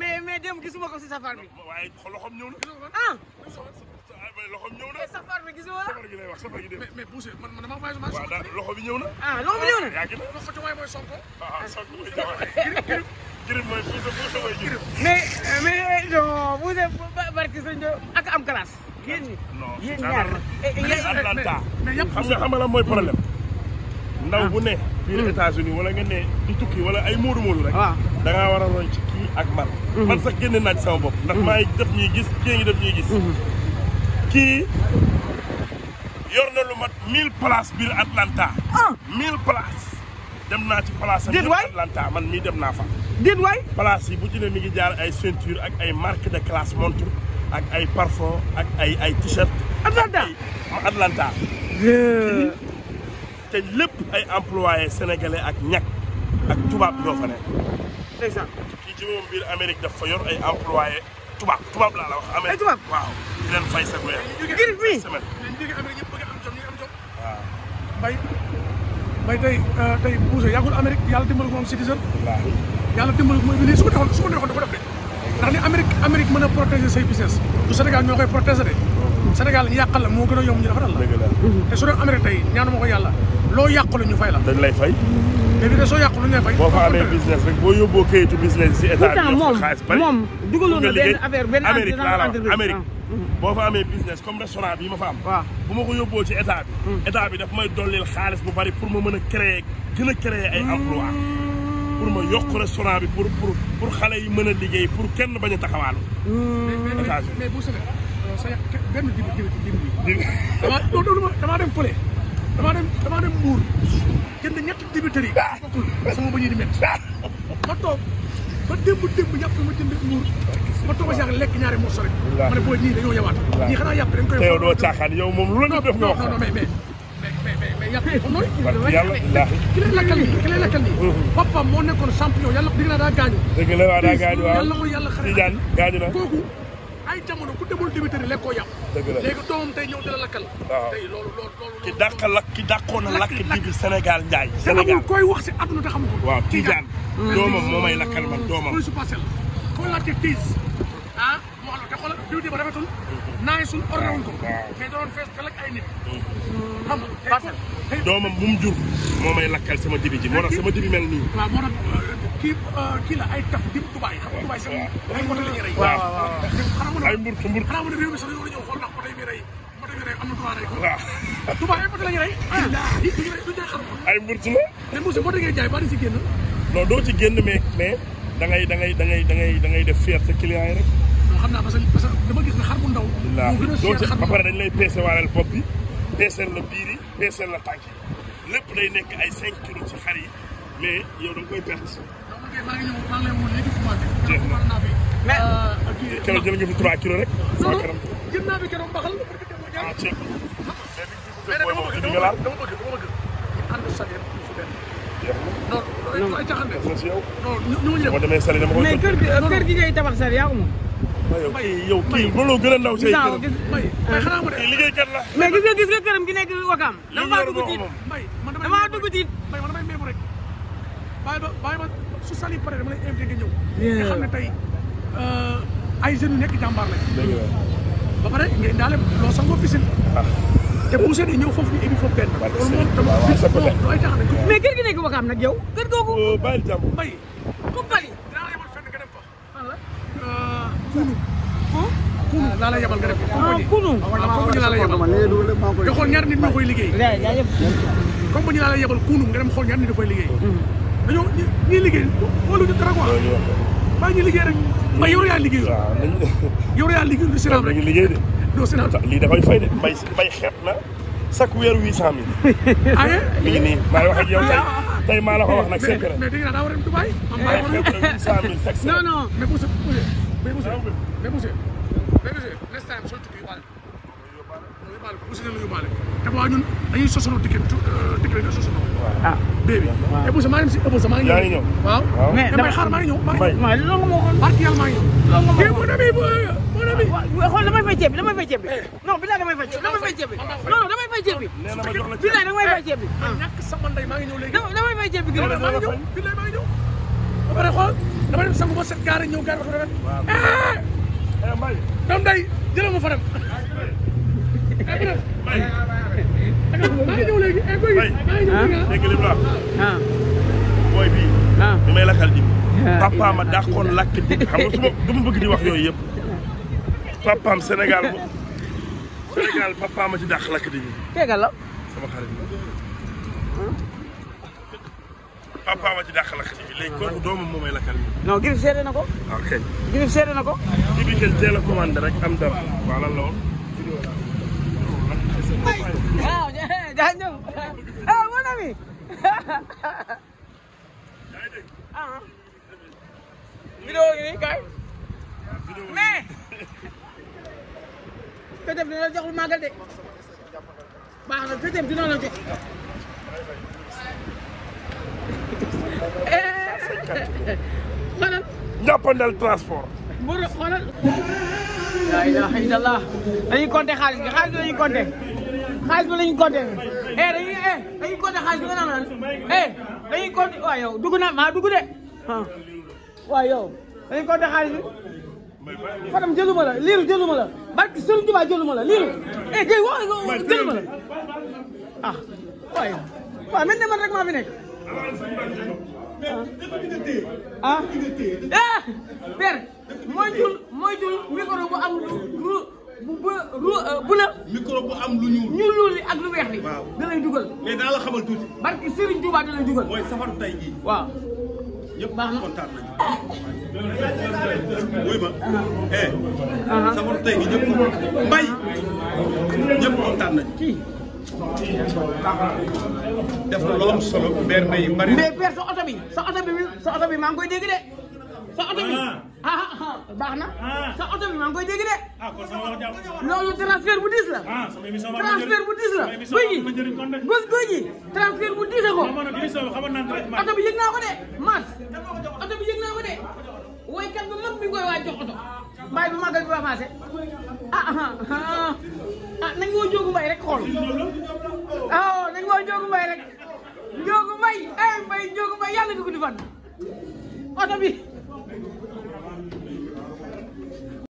mais mais dem gisuma ko si safar bi. Ah! waaye loxoom ñëw na. ah. Eh, loxoom ñëw na. safar bi gisuma. safar gi lay wax safar gi de. mais mais Boucher man man damaa voyage. waaw daal loxo bi ñëw na. ah loxo bi ñëw na. yaa ngi ne loxo mooy Sonko. ah, ah Sonko mooy Jokalante. Girib mooy Boucher Boucher mooy Girib. mais mais eh, non Boucher barki sëñ ak am classe. yéen ñi yéen ñaar la eh, mais mais yëpp xam nga xam nga mooy problème. ndaw bu ne. biir hmm. États-Unis wala nga ne di tukki wala ay móodu-móodu rek. waaw ah. da ngaa war a roy ci ak man mhm. man sax génne naa ci sama bopp ndax mhm. maa def ñuy gis kii ngi def ñuy gis mhm. kii yor na lu mat mille places biir Atlanta ah. mille places dem naa ci place am biir Atlanta man mii dem naa fa dit waay place yi bu ci mi ngi jaar ay centure ak ay marque de classe montre ak ay parfum ak ay ay t-shirt Atlanta Atlanta te lépp ay employé sénégalais ak ñag ak tubaab ñoo fa ndeysaan kii ci moom biir Amérique daf fa yor ay employé tubaab tubaab laa la wax Amérique ay tubaab waaw di leen fay seen weer girif mi semaine léegi Amérique ñëpp bëgg am jom ñu am jom waaw mbay mbay tey euh, tey buuse yàggul Amérique yàlla dimbali ko moom citizen yàlla dimbali ko mooy lii su ko defoon su ko defoon dafa def de ndax ni Amérique Amérique mën a protéger say business du Sénégal ñoo koy protéger de Sénégal lañ yàqal mo gëna yom ñu defaral la. dëgg la te su doon Amérique tey ñaanu ma yàlla lo yàqalu ñu fay la. dañ lay fay. mais bi de soo yàqalu ñu fay. bo fa amé business rek bo yobbo kayitu business ci état bi. mom mom dugaloon na benn affaire ben entreprise Amérique. bo fa amé business comme restaurant bi ma fa am. bu mako yobbo ci état bi. état bi daf may dolil xaaliss bu bari pour ma mëna créer gëna créer ay emploi pour ma yok restaurant bi pour pour pour xale yi mëna liggéey pour kenn baña taxawal mais bu sa sa benn ji ji ji ji damaa loolu damaa dem fële damaa dem damaa dem Mbour jënd ñetti dibiteri yi. bokkul sama bañ a di métti. ma toog ba démb démb yàpp ma jënd Mbour ma toog ba si lekk ñaari morso rek. ma ne booy ñii dañoo yawaat. ñii xanaa yàpp dañ koy. te yow doo caaxaan yow moom lu la ñu def nga wax. non non mais mais mais mais mais yàpp dafa nooy. parce yàlla ndax ki lay lakkal nii ki lay lakkal nii. Mm-hmm. papaam moo nekkoon champion yàlla digg naa daa gaañu. dëgg la waaw daa gaañu waaw yàlla mooy yàlla xarit. Tidiane gaañu na kooku ay jamono ku demul dimitri lekkoo yàpp. dëgg la léegi doomam tey ñëw dina lakkal. waaw tey loolu loolu loolu. ki dàq lakk ki dàqoon a lakk dibi Sénégal Ndiaye. Sénégal koy wax si àdduna te xam ko. waaw Tijaan doomam moo lakkal man hmm. doomam. mooy su passé ah, la hmm. naa suñ ordre wuñ ko. mais doon fees dalak hmm. moo may lakkal sama dibi ji moo tax sama dibi mel nii. kii euh, kii la ay taf dim Dubaay xam nga Dubaay sax ay moto la ñuy rey. waaw waaw waaw ay mbur mbur xanaa ma ne réew mi sax dañoo war a ñëw xool ndax moto yi muy rey moto yi muy rey am na droit rey ko. waaw Dubaay ay moto la ñuy rey. yi ah, duñu rey duñu jaay xam ay mbur la. mais monsieur moto ngay jaay ba di si génn. non doo ci génn mais mais da ngay da ngay da ngay da ngay da ngay def fier sa client yi rek. non xam naa parce que parce que dama gis ne xar bu ndaw. waaw doo ci ba pare dañ lay peese waaleel bopp bi peeseel la biir yi peeseel la tànk yi lépp day nekk ay 5 kilos ci xar yi mais yow da nga koy perte mais keroog jël nga fi 3 euh, kilos rek. sama kanam jël naa fi keroog baxal. ah ceeb mais nag dama bëgg dama bëgg dama bëgg. ànd sa yëpp su benn. non ay caxaan de. boo demee Sali dama koy mais kër gi kër gi ngay tabax Sali yaa ko moom. may yow kii loolu gën a ndaw say kër. may may xanaa mu de liggéeykat la. mais gis nga gis nga këram gi nekk Wakaam. dama faa dugg ci may man damay dugg ci may man damay meebu rek bàyyi ba bàyyi ma. su sali pare dama lay invité nga ñëw. nga xam ne tey euh, ay jeunes yu nekk jàmbaar lañ. ba pare nga indaale loo sangoo piscine. Ah. te poussé di ñëw foofu ñu indi foofu benn. waaw loolu moom dama mais kër gi nekk Wakaam nag yow. kër googu euh, bàyyi jàmm mbay. ku bali dinaa la yebal fenn nga dem fa. fan la. Euh, Kunu. Kunu laa la yebal nga dem fa. Ah, Kunu ah, comme ñu laa la yebal. nga xool ñaar nit ñi koy liggéey. comme ñu laa la yebal Kunu nga dem xool ñaar nit ñi koy liggéey. Mm-hmm. dañoo ñu ñuy liggéey xooluñu dara quoi. maa ngi liggéey rek mbay yow yaa liggéey. waaw nañu yow yaa liggéey du Sénat rek. liggéey de. non Sénat lii dafay fay de mbay mbay xeet na chaque weer huit cent mille. aye ah, eh? mi ngi nii maa ngi wax ak yow tey tey maa la ko wax nag. c'est vrai mais mais dégg naa daa war a dem Dubaï. Eh, non non mais monsieur mais monsieur mais monsieur next time soo tukki wàll yóbbaale ko Moussa la yóbbaale te waa ñun dañuy sosono ticket euh, ticket nga sosono ah béy bi e Moussa maa ngi si Moussa eh, maa ngi ñëw waaw mais damay xaar maa ngi ñëw maa ngi loolu moo xoon barki yàlla maa ngi ñëw kii mon ami mon ami xool damay fay ceeb bi damay fay ceeb bi eh. non bilaay damay fay ceeb damay fay ceeb bi non non damay fay ceeb bi bilaay damay fay eh, ceeb bi ñàkk sama ndey maa ngi ñëw léegi damay fay ceeb bi gën maa ngi ñëw bilaay maa ngi ñëw ba pare xool dama dem sangu ba set gaare ñëw gaare ba ko rafet eh Mbaye doom day jëlal ma fa dem ah. mooy bii. ah li may lakkal di. papaam a dàqoon lakk di xam nga su ma du ma bëgg di wax yooyu yëpp. papaam Sénégal moom Sénégal papaam a ci dàq lakk di. tegal la. sama xarit bi. papaam a ci dàq lakk di léegi kooku doomam moo may lakkal di. non Griff seede na ko. ok Griff seede na ko. kii bi kenn teel a commandé rek am dara. waaw lan la woon. waaw daa ñëw ah mon ami ah vidéo gi nii kay mais këtëm dina la jox lu màggal de baax na këtëm dina la jox xoolal njàppandal transport bu xoolal la ilaha illallah dañuy compter xaalis bi xaalis bi dañuy compter xaalis bi lañu compter eh dañuy eh dañuy compter xaalis bi nga naan eh dañuy compter waaw yow dugg na maa dugg de ah waaw yow dañuy compter xaalis bi. Fadam jëluma liiru jëluma la barki Sëriñ Tuubaa jëluma liiru eh kay wax jëluma la ah waaye waaw man de man rek maa fi nekk. ah ah. eh père moytul moytul micro bu am lu. bu bu bu la. Euh, bu am lu ñuul. ñuul li ak lu weex li. waaw da lay dugal. mais daa la xamal tuuti. barki Serigne Touba da dugal. mooy safaru tay jii. waaw. ñëpp kontaan nañu. wuy ma. Uh-huh. eh. Uh-huh. safaru tay gi ñëpp kontaan mbay. ñëpp kontaan nañu. kii. def na loolu solo. mbeer mbay mari mais père sa oto bi sa oto bi maa ngi koy dégg de sa oto bi. Ah, ah, ah baax na. Ah. sa oto bi maa ngi koy dégg de. ah kon sama loolu transfert bu diis la. ah sama émission transfert bu diis la. sama émission ma njëriñ bu diis la ko. ma ne oto bi yëg naa ko de Mass. oto bi yëg naa ko de. woykat bu mag mi ngi koy jox oto. mbay bu magal bi avancé. ah ah ah nañu woo rek xool. ah nañu woo Ndiogou Mbaye rek. Ndiogou Mbaye ay eh, Mbaye Ndiogou fan. oto bi.